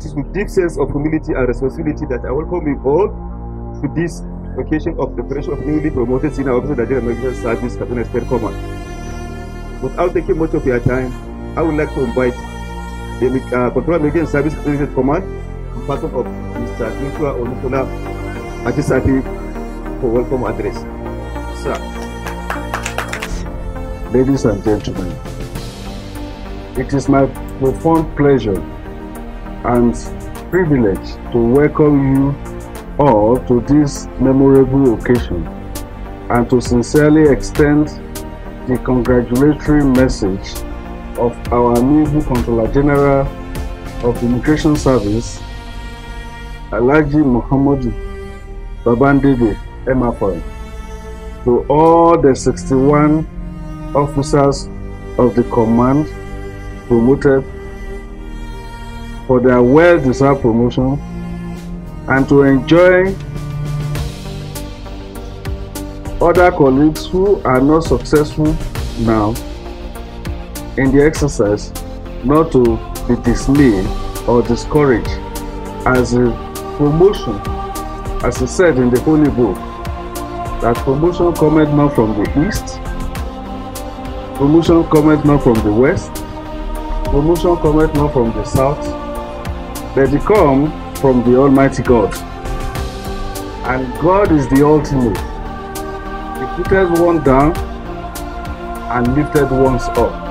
It is with deep sense of humility and responsibility that I welcome you all to this occasion of the promotion of newly promoted senior officer the Medical Service Kaduna State Command. Without taking much of your time, I would like to invite the uh, Control Maintenance Service Command in person of Mr. Joshua Olukola Ajisafi for welcome address. Sir. Ladies and gentlemen, it is my profound pleasure and privilege to welcome you all to this memorable occasion and to sincerely extend the congratulatory message of our Naval Controller General of the Immigration Service, Alaji Muhammad Babandidi Emapon, to all the 61 officers of the command promoted for their well-deserved promotion and to enjoy other colleagues who are not successful now in the exercise not to be dismayed or discouraged as a promotion as is said in the holy book that promotion cometh not from the east promotion cometh not from the west promotion cometh not from the south that it come from the Almighty God. And God is the ultimate. He putteth one down and lifted ones up.